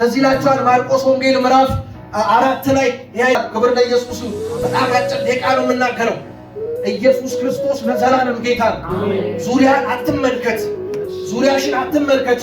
ትዝ ይላችኋል ማርቆስ ወንጌል ምዕራፍ አራት ላይ ክብር ለኢየሱስ። በጣም አጭር ደቂቃ ነው የምናገረው። ኢየሱስ ክርስቶስ ለዘላለም ጌታ ነው። ዙሪያን አትመልከት፣ ዙሪያሽን አትመልከች።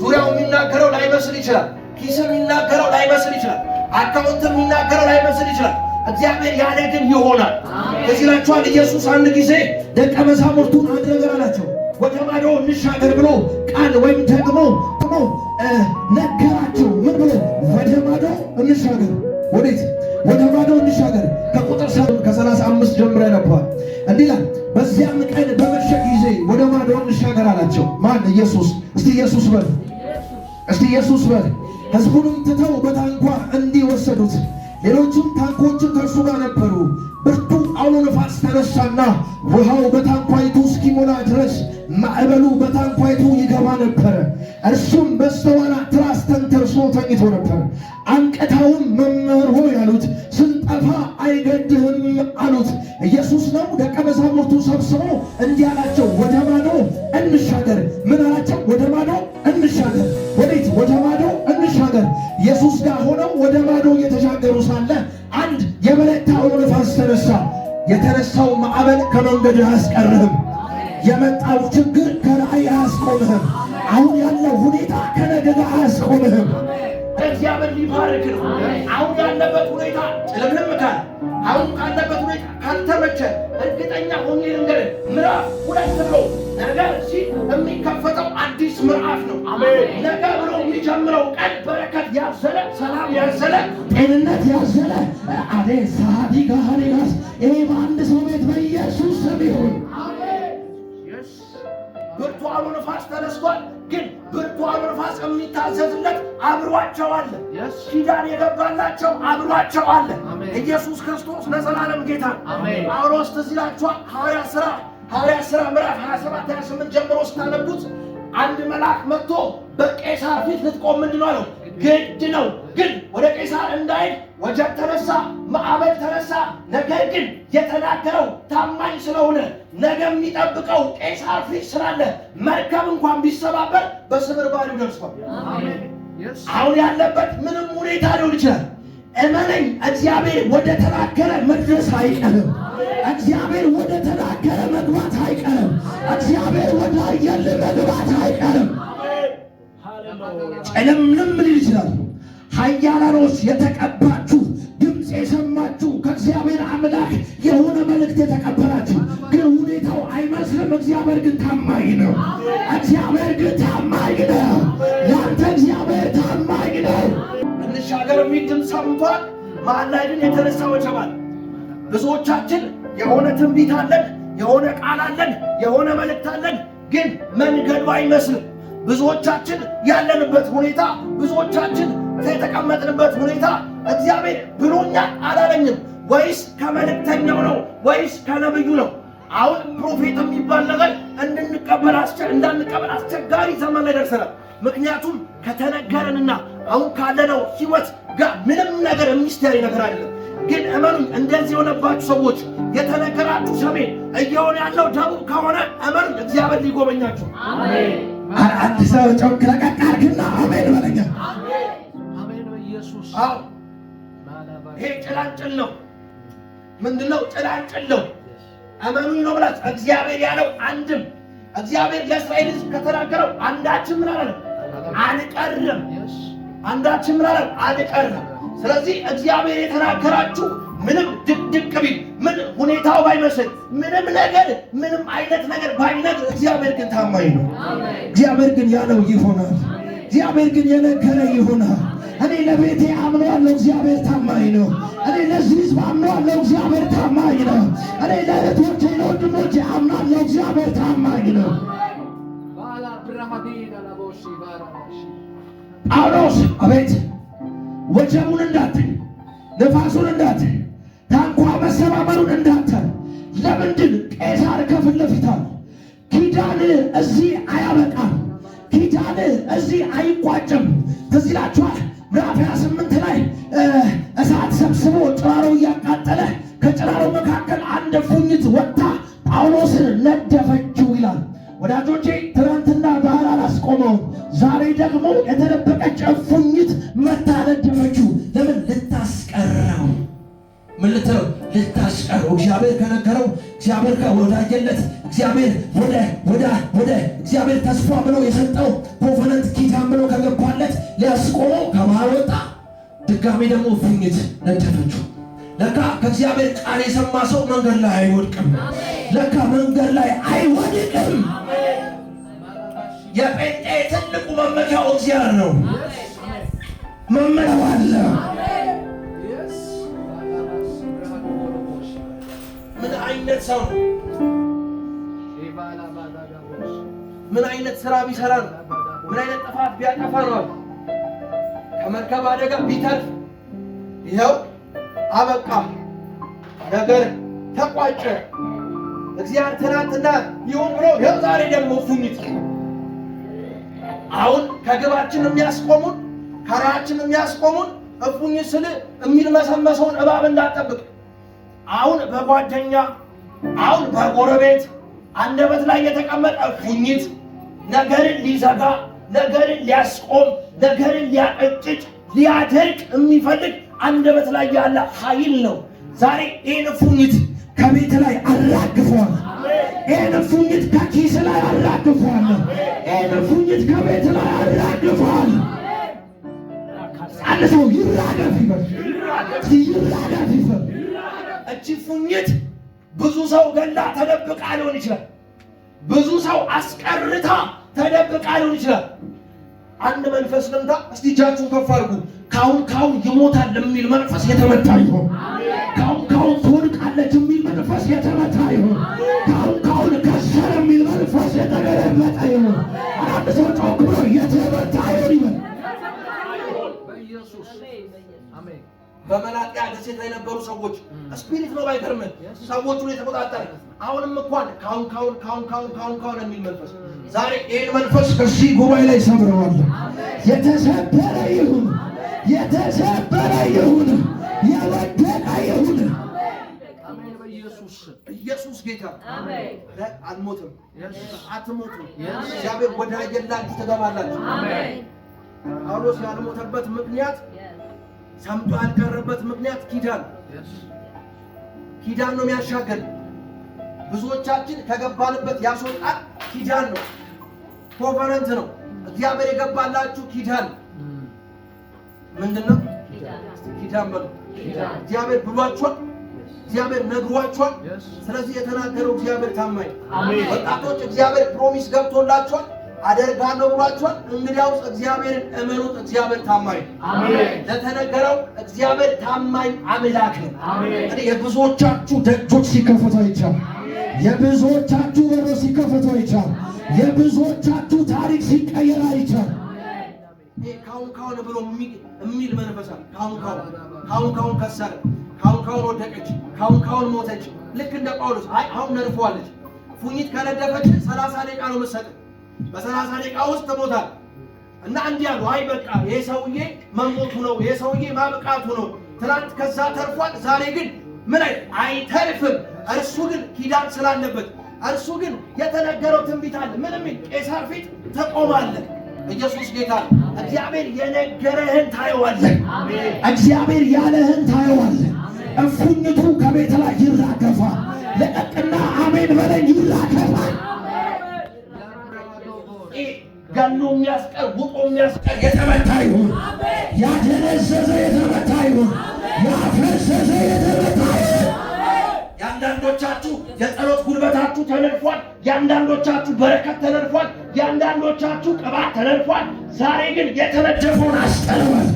ዙሪያው የሚናገረው ላይመስል ይችላል፣ ኪስ የሚናገረው ላይመስል ይችላል፣ አካውንት የሚናገረው ላይመስል ይችላል። እግዚአብሔር ያለ ግን ይሆናል። ከዚህ ላችኋል ኢየሱስ አንድ ጊዜ ደቀ መዛሙርቱን አንድ ነገር አላቸው ወደ ማዶ እንሻገር ብሎ ቃል ወይም ደግሞ ደግሞ ነገራቸው። ምን ብሎ ወደ ማዶ እንሻገር? ወዴት? ወደ ማዶ እንሻገር። ከቁጥር ከሰላሳ አምስት ጀምረ ነበር እንዲህ ይላል። በዚያም ቀን በመሸ ጊዜ ወደ ማዶ እንሻገር አላቸው። ማን? ኢየሱስ። እስቲ ኢየሱስ በል፣ እስቲ ኢየሱስ በል። ሕዝቡንም ትተው በታንኳ እንዲወሰዱት ሌሎቹም ታንኳዎችን ከእርሱ ጋር ነበሩ። ብርቱ አውሎ ነፋስ ተነሳና ውሃው በታንኳ እስኪሞላ ድረስ ማዕበሉ በታንኳይቱ ይገባ ነበረ። እርሱም በስተኋላ ትራስ ተንተርሶ ተኝቶ ነበር። አንቀታውም መምህር ሆይ አሉት፣ ስንጠፋ አይገድህም አሉት። ኢየሱስ ነው ደቀ መዛሙርቱ ሰብስበው እንዲህ አላቸው፣ ወደ ማዶ እንሻገር። ምን አላቸው? ወደ ማዶ እንሻገር። ወዴት? ወደ ማዶ እንሻገር። ኢየሱስ ጋር ሆነው ወደ ማዶ እየተሻገሩ ሳለ አንድ የበረታ ዐውሎ ነፋስ ተነሳ። የተነሳው ማዕበል ከመንገድህ አያስቀርህም። የመጣው ችግር ከራእይ አያስቆምህም። አሁን ያለው ሁኔታ ከነገ ጋር አያስቆምህም። እግዚአብሔር ሊባርክ ነው። አሁን ያለበት ሁኔታ ጭልምልም ካለ አሁን ካለበት ሁኔታ ካልተመቸ እርግጠኛ ሆኜ ልንገር፣ ምዕራፍ ሁለት ብሎ ነገ ሲ የሚከፈተው አዲስ ምዕራፍ ነው። ነገ ብሎ የሚጀምረው ቀን በረከት ያዘለ፣ ሰላም ያዘለ፣ ጤንነት ያዘለ አዴ ሳዲ ጋሃኔ ራስ ይሄ በአንድ ሰው ቤት በኢየሱስ ስም ይሁን። ብርቱ አውሎ ነፋስ ተነስቷል። ግን ብርቱ አውሎ ነፋስ የሚታዘዝለት አብሯቸው አለ። ኪዳን የገባላቸው አብሯቸው አለ። ኢየሱስ ክርስቶስ ለዘላለም ጌታ ጳውሎስ ትዝ ይላችኋል። ሐዋርያ ሥራ ሐዋርያ ሥራ ምዕራፍ 27 28 ጀምሮ ስታነቡት አንድ መልአክ መጥቶ በቄሳር ፊት ልትቆም ምንድን ነው ግድ ነው። ግን ወደ ቄሳር እንዳይሄድ ወጀብ ተነሳ፣ ማዕበል ተነሳ። ነገር ግን የተናገረው ታማኝ ስለሆነ ነገ የሚጠብቀው ቄሳር ፊት ስላለ መርከብ እንኳን ቢሰባበር በስብር ባሉ ደርሷል። አሁን ያለበት ምንም ሁኔታ ሊሆን ይችላል። እመነኝ፣ እግዚአብሔር ወደ ተናገረ መድረስ አይቀርም። እግዚአብሔር ወደ ተናገረ መግባት አይቀርም። እግዚአብሔር ወደ አየል መግባት አይቀርም። ጨለምልም ሊል ይችላል። ኃያላኖች የተቀባችሁ ድምፅ የሰማችሁ ከእግዚአብሔር አምላክ የሆነ መልእክት የተቀበላችሁ ግን ሁኔታው አይመስልም። እግዚአብሔር ግን ታማኝ ነው። እግዚአብሔር ግን ታማኝ ነው። ለአንተ እግዚአብሔር ታማኝ ነው። እንሻገር የሚል ድምፅ ሰምቷል። ግን የተነሳ ወጀባል። ብዙዎቻችን የሆነ ትንቢት አለን፣ የሆነ ቃል አለን፣ የሆነ መልእክት አለን። ግን መንገዱ አይመስልም ብዙዎቻችን ያለንበት ሁኔታ፣ ብዙዎቻችን የተቀመጥንበት ሁኔታ እግዚአብሔር ብሎኛል አላለኝም ወይስ ከመልእክተኛው ነው ወይስ ከነብዩ ነው? አሁን ፕሮፌት የሚባል ነገር እንድንቀበል እንዳንቀበል አስቸጋሪ ዘመን ላይ ደርሰናል። ምክንያቱም ከተነገረንና አሁን ካለነው ህይወት ጋር ምንም ነገር የሚስተያሪ ነገር አይደለም። ግን እመኑኝ እንደዚህ የሆነባችሁ ሰዎች የተነገራችሁ ሰሜን እየሆነ ያለው ደቡብ ከሆነ እመኑኝ እግዚአብሔር ሊጎበኛችሁ አንድ ሰው ጮክ ለቀቅ አድርግና አሜን በለኛ። ይሄ ጭላንጭል ነው። ምንድን ነው? ጭላንጭል ነው። እመኑኝ ነው ብላችሁ እግዚአብሔር ያለው አንድም እግዚአብሔር ለእስራኤል ሕዝብ ከተናገረው አንዳችን ምን አላለም አልቀርም። አንዳችን ምን አላለም አልቀርም። ስለዚህ እግዚአብሔር የተናገራችሁ ምንም ድቅድቅ ቢል ምን ሁኔታው ባይመስል ምንም ነገር ምንም አይነት ነገር ባይነት እግዚአብሔር ግን ታማኝ ነው። እግዚአብሔር ግን ያለው ይሆናል። እግዚአብሔር ግን የነገረ ይሆናል። እኔ ለቤቴ አምኖ ያለው እግዚአብሔር ታማኝ ነው። እኔ ለዚህ ህዝብ አምኖ ያለው እግዚአብሔር ታማኝ ነው። እኔ ለእህቶቼ ለወንድሞቼ ያለው እግዚአብሔር ታማኝ ነው። ጳውሎስ አቤት ወጀቡን እንዳት ነፋሱን እንዳት መሰባበሩን እንዳንተ ለምንድን ቄሳር ከፊት ለፊት አለ። ኪዳን እዚህ አያበቃም። ኪዳን እዚህ አይቋጭም። ትዝ ይላችኋል ምዕራፍ 28 ላይ እሳት ሰብስቦ ጭራሮ እያቃጠለ ከጭራሮ መካከል አንድ ፉኝት ወጥታ ጳውሎስን ነደፈችው ይላል። ወዳጆቼ ትናንትና ባህር አላስቆመውም። ዛሬ ደግሞ የተደበቀች እፉኝት መታ ነደፈችው። ለምን ምን ልትለው ልታስቀሩ እግዚአብሔር ከነገረው እግዚአብሔር ከወዳጀለት እግዚአብሔር ወደ ወደ ወደ እግዚአብሔር ተስፋ ብሎ የሰጠው ኮቨነንት ኪዳን ብሎ ከገባለት ሊያስቆመው ከመሃል ወጣ። ድጋሚ ደግሞ ፍኝት ነጨፈችው። ለካ ከእግዚአብሔር ቃል የሰማ ሰው መንገድ ላይ አይወድቅም። ለካ መንገድ ላይ አይወድቅም። የጴንጤ ትልቁ መመኪያው እግዚአብሔር ነው። መመሪያው አለ አይነት ሰው ነው? ምን አይነት ስራ ቢሰራ ነው? ምን አይነት ጥፋት ቢያጠፋ ነው? ከመርከብ አደጋ ቢተርፍ ይኸው አበቃ፣ ነገር ተቋጨ። እግዚአብሔር ትናንትና ይሁን ብሎ ይኸው ዛሬ ደግሞ ፉኒት። አሁን ከግባችን የሚያስቆሙን ከራችን የሚያስቆሙን እፉኝት ስል የሚል እባብ እንዳጠብቅ አሁን በጓደኛ አሁን በጎረቤት አንደበት ላይ የተቀመጠ ፉኝት ነገርን ሊዘጋ ነገርን ሊያስቆም ነገርን ሊያቀጭጭ ሊያደርቅ የሚፈልግ አንደበት ላይ ያለ ኃይል ነው። ዛሬ ይህን ፉኝት ከቤት ላይ አራግፈዋል። ይህን ፉኝት ከኪስ ላይ አራግፈዋል። ይህን ፉኝት ከቤት ላይ አራግፈዋል። አንድ ሰው ይራገፍ ይበል፣ ይራገፍ ይበል። እቺ ፉኝት ብዙ ሰው ገላ ተደብቃ ሊሆን ይችላል። ብዙ ሰው አስቀርታ ተደብቃ ሊሆን ይችላል። አንድ መንፈስ መምታ። እስቲ እጃችሁን ከፍ አድርጉ። ካሁን ካሁን ይሞታል የሚል መንፈስ የተመታ ይሆን? ካሁን ካሁን ትወድቃለች የሚል መንፈስ የተመታ ይሆን? ካሁን ካሁን ከሰር የሚል መንፈስ የተገለመጠ ይሆን? አንድ ሰው ጮክ ብሎ የተመታ ይሆን? በመላጥያ ደሴት ላይ የነበሩ ሰዎች ስፒሪት ነው ባይገርምህ፣ ሰዎቹን የተቆጣጠረ አሁንም እንኳን ካሁን ካሁን ካሁን ካሁን ካሁን ካሁን የሚል መንፈስ ዛሬ ይህን መንፈስ እዚህ ጉባኤ ላይ ሰብረዋል። የተሰበረ ይሁን፣ የተሰበረ ይሁን፣ የወደቀ ይሁን። ኢየሱስ ጌታ አልሞትም፣ አትሞትም። እግዚአብሔር ወዳየላችሁ ትገባላችሁ። ጳውሎስ ያልሞተበት ምክንያት ሰምቶ ያልቀረበት ምክንያት ኪዳን ኪዳን ነው የሚያሻገር። ብዙዎቻችን ከገባንበት ያስወጣል። ኪዳን ነው፣ ኮቨናንት ነው። እግዚአብሔር የገባላችሁ ኪዳን ምንድን ነው? ኪዳን በሉ። እግዚአብሔር ብሏችኋል፣ እግዚአብሔር ነግሯችኋል። ስለዚህ የተናገረው እግዚአብሔር ታማኝ። ወጣቶች እግዚአብሔር ፕሮሚስ ገብቶላችኋል። አደርጋለሁ ብሏቸዋል። እንግዲያውስ እግዚአብሔርን እመኑት፣ እግዚአብሔር ታማኝ አሜን። ለተነገረው እግዚአብሔር ታማኝ አምላክ ነው። እንግዲህ የብዙዎቻችሁ ደጆች ሲከፈቱ አይቻልም። የብዙዎቻችሁ በሮች ሲከፈቱ አይቻልም። የብዙዎቻችሁ ታሪክ ሲቀየር አይቻልም። ካሁን ካሁን ብሎ የሚል መንፈሳ ካሁን ካሁን ካሁን ካሁን ከሰረ፣ ካሁን ካሁን ወደቀች፣ ካሁን ካሁን ሞተች። ልክ እንደ ጳውሎስ አይ አሁን ነርፈዋለች። ፉኝት ከነደፈች ሰላሳ ደቂቃ ነው መሰጠ በሰላሳ ደቂቃ ውስጥ ተሞታል። እና እንዲህ አሉ፣ አይ በቃ ይሄ ሰውዬ መሞቱ ነው፣ ይሄ ሰውዬ ማብቃቱ ነው። ትናንት ከዛ ተርፏል፣ ዛሬ ግን ምን አይ አይተርፍም። እርሱ ግን ኪዳን ስላለበት፣ እርሱ ግን የተነገረው ትንቢት አለ። ምንም ቄሳር ፊት ተቆማለህ። ኢየሱስ ጌታ። እግዚአብሔር የነገረህን ታየዋለህ። እግዚአብሔር ያለህን ታየዋለህ። እፉኝቱ ከቤት ላይ ይራገፋል። ለቀቅና አሜን በለኝ ይራገፋል። ገኖ የሚያስቀር ውጦ የሚያስቀር የተመታ ይሁን። ያደነዘዘ የተመታ ይሁን። ያፈሰሰ የተመታ ይሁን። የአንዳንዶቻችሁ የጸሎት ጉልበታችሁ ተነድፏል። የአንዳንዶቻችሁ በረከት ተነድፏል። የአንዳንዶቻችሁ ቅባት ተነድፏል። ዛሬ ግን የተነደፈውን አስጠልበል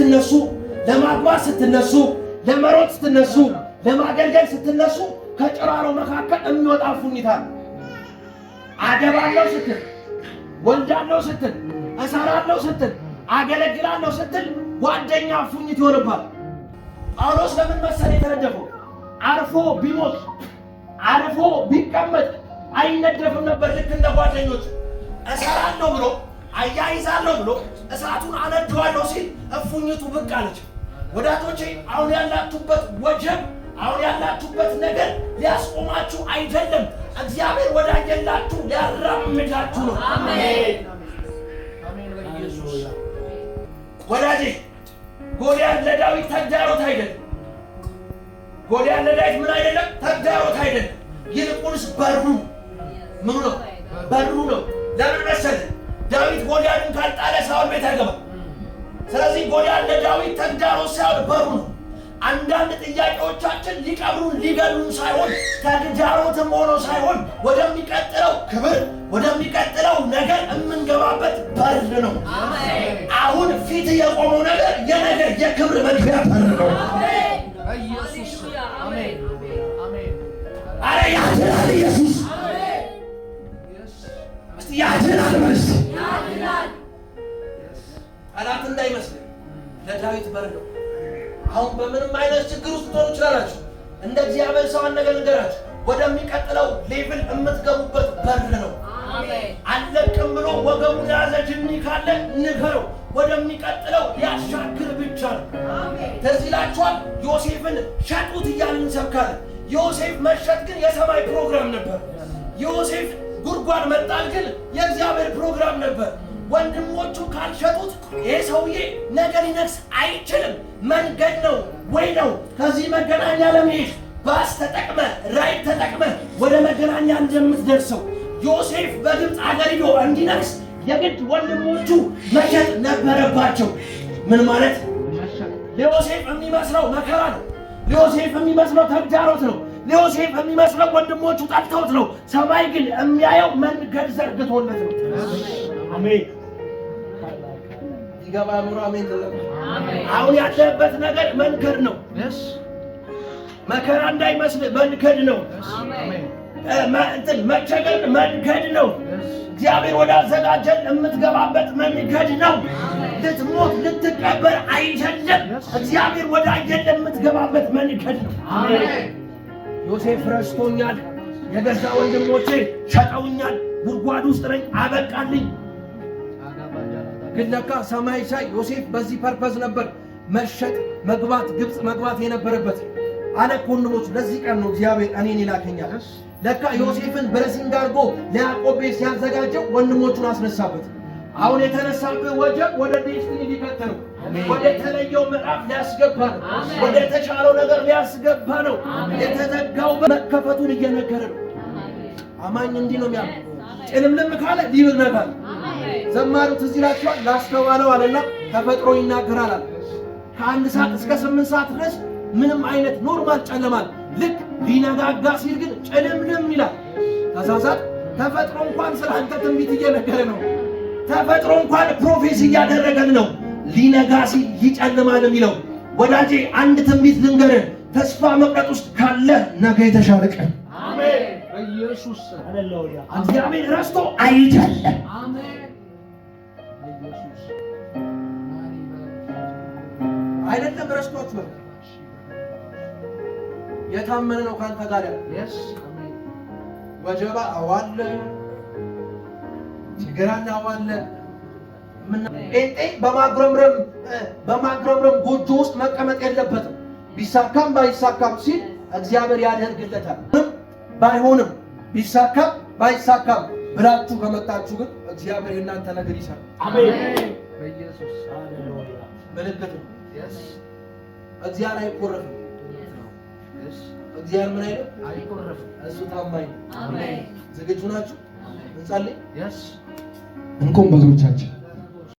ስትነሱ፣ ለማግባት ስትነሱ፣ ለመሮጥ ስትነሱ፣ ለማገልገል ስትነሱ ከጭራሮ መካከል የሚወጣ ፉኒታ አገባለሁ ስትል፣ ወልዳለሁ ስትል፣ እሰራለሁ ስትል፣ አገለግላለው ስትል ጓደኛ ፉኝት ይሆንባል። ጳውሎስ ለምን መሰል የተነደፈው? አርፎ ቢሞት አርፎ ቢቀመጥ አይነደፍም ነበር ልክ እንደ ጓደኞች እሰራለሁ ብሎ አያይዛለሁ ብሎ እሳቱን አነደዋለሁ ሲል እፉኝቱ ብቅ አለች። ወዳጆቼ አሁን ያላችሁበት ወጀብ፣ አሁን ያላችሁበት ነገር ሊያስቆማችሁ አይደለም። እግዚአብሔር ወዳየላችሁ ሊያራምዳችሁ ነው። ወዳጄ ጎልያድ ለዳዊት ተግዳሮት አይደለም። ጎልያድ ለዳዊት ምን አይደለም? ተግዳሮት አይደለም። ይልቁንስ በሩ ምኑ ነው? በሩ ነው። ለምን መሰለህ ዳዊት ጎልያድን ካልጣለ ሳውል ቤት አይገባም። ስለዚህ ጎልያድ ለዳዊት ተግዳሮት ሳይሆን በሩ ነው። አንዳንድ ጥያቄዎቻችን ሊቀብሩን ሊገሉን ሳይሆን ተግዳሮትም ሆኖ ሳይሆን ወደሚቀጥለው ክብር ወደሚቀጥለው ነገር የምንገባበት በር ነው። አሁን ፊት የቆመው ነገር የነገር የክብር መግቢያ በር ነው። አረ ያድናል ኢየሱስ ያድናል ጠላት እንዳይመስልህ ለዳዊት በር ነው። አሁን በምንም አይነት ችግር ውስጥ ትሆኑ ይችላላችሁ። እንደ እግዚአብሔር ሰው ነገር ንገራችሁ ወደሚቀጥለው ሌቭል የምትገቡበት በር ነው። አለቅም ብሎ ወገቡ ያዘ ጅኒ ካለ ንገረው፣ ወደሚቀጥለው ሊያሻግር ብቻ ነው። ትዝ ይላችኋል፣ ዮሴፍን ሸጡት እያልን እንሰብካለን። ዮሴፍ መሸጥ ግን የሰማይ ፕሮግራም ነበር። ዮሴፍ ጉድጓድ መጣል ግን የእግዚአብሔር ፕሮግራም ነበር። ወንድሞቹ ካልሸጡት ይህ ሰውዬ ነገ ሊነግስ አይችልም። መንገድ ነው ወይ ነው ከዚህ መገናኛ ለመሄድ ባስ ተጠቅመ ራይድ ተጠቅመ ወደ መገናኛ እንደምትደርሰው ዮሴፍ በግብፅ አገር ሂዶ እንዲነግስ የግድ ወንድሞቹ መሸጥ ነበረባቸው። ምን ማለት ለዮሴፍ የሚመስለው መከራ ነው። ለዮሴፍ የሚመስለው ተግዳሮት ነው። ለዮሴፍ የሚመስለው ወንድሞቹ ጠልተውት ነው። ሰማይ ግን የሚያየው መንገድ ዘርግቶለት ነው። አሜን። ይገባ ኑሮ አሜን። አሁን ያለበት ነገር መንገድ ነው። መከራ እንዳይመስል መንገድ ነው። እንትን መቸገር መንገድ ነው። እግዚአብሔር ወዳዘጋጀን የምትገባበት መንገድ ነው። ልትሞት ልትቀበር አይደለም። እግዚአብሔር ወዳየን የምትገባበት መንገድ ነው። ዮሴፍ ረስቶኛል፣ የገዛ ወንድሞቼ ሸጠውኛል፣ ጉድጓድ ውስጥ ነኝ፣ አበቃልኝ ግን ለካ ሰማይ ሳይ ዮሴፍ በዚህ ፐርፐዝ ነበር መሸጥ መግባት ግብፅ መግባት የነበረበት አለ ኮንቦች ለዚህ ቀን ነው እግዚአብሔር እኔን ይላከኛል። ለካ ዮሴፍን ብሬሲንግ አድርጎ ለያዕቆብ ቤት ሲያዘጋጀው ወንድሞቹን አስነሳበት። አሁን የተነሳብህ ወጀብ ወደ ዴስቲኒ ሊከተ ነው። ወደ ተለየው ምዕራፍ ሊያስገባ ነው። ወደ ተሻለው ነገር ሊያስገባ ነው። የተዘጋው መከፈቱን እየነገረ ነው። አማኝ እንዲህ ነው የሚያ ጭልምልም ካለ ሊብግ ነካል ዘማሪው ትዝ ይላችኋል። ላስተዋለው አለና ተፈጥሮ ይናገራል አለ። ከአንድ ሰዓት እስከ ስምንት ሰዓት ድረስ ምንም አይነት ኖርማል ጨለማል። ልክ ሊነጋጋ ሲል ግን ጭልምልም ይላል። ተሳሳት። ተፈጥሮ እንኳን ስለ አንተ ትንቢት እየነገረ ነው። ተፈጥሮ እንኳን ፕሮፌሲ እያደረገን ነው። ሊነጋ ሲል ይጨልማል የሚለው ወዳጄ፣ አንድ ትንቢት ልንገርህ። ተስፋ መቅረጥ ውስጥ ካለ ነገ የተሻለ ቀን አሜን። ኢየሱስ አሜን። እግዚአብሔር ረስቶ አሜን። አይደለም ረስቶት ነው የታመነ ነው ካንተ ጋር ያለ ወጀባ አዋለ ችግራና አዋለ ጴንጤ በማጉረምረም በማጉረምረም ጎጆ ውስጥ መቀመጥ የለበትም። ቢሳካም ባይሳካም ሲል እግዚአብሔር ያደርግለታል። ባይሆንም ቢሳካም ባይሳካም ብላችሁ ከመጣችሁ ግን እግዚአብሔር የእናንተ ነገር ይሰራል። አሜን። በኢየሱስ ሃሌሉያ። ምልክት ነው። እግዚአብሔር አይኮረፍም። እግዚአብሔር ምን አይልም፣ አይኮረፍም። እሱ ታማኝ ነው። አሜን። ዝግጁ ናችሁ? እንጸልይ። እንቆም ብዙዎቻችን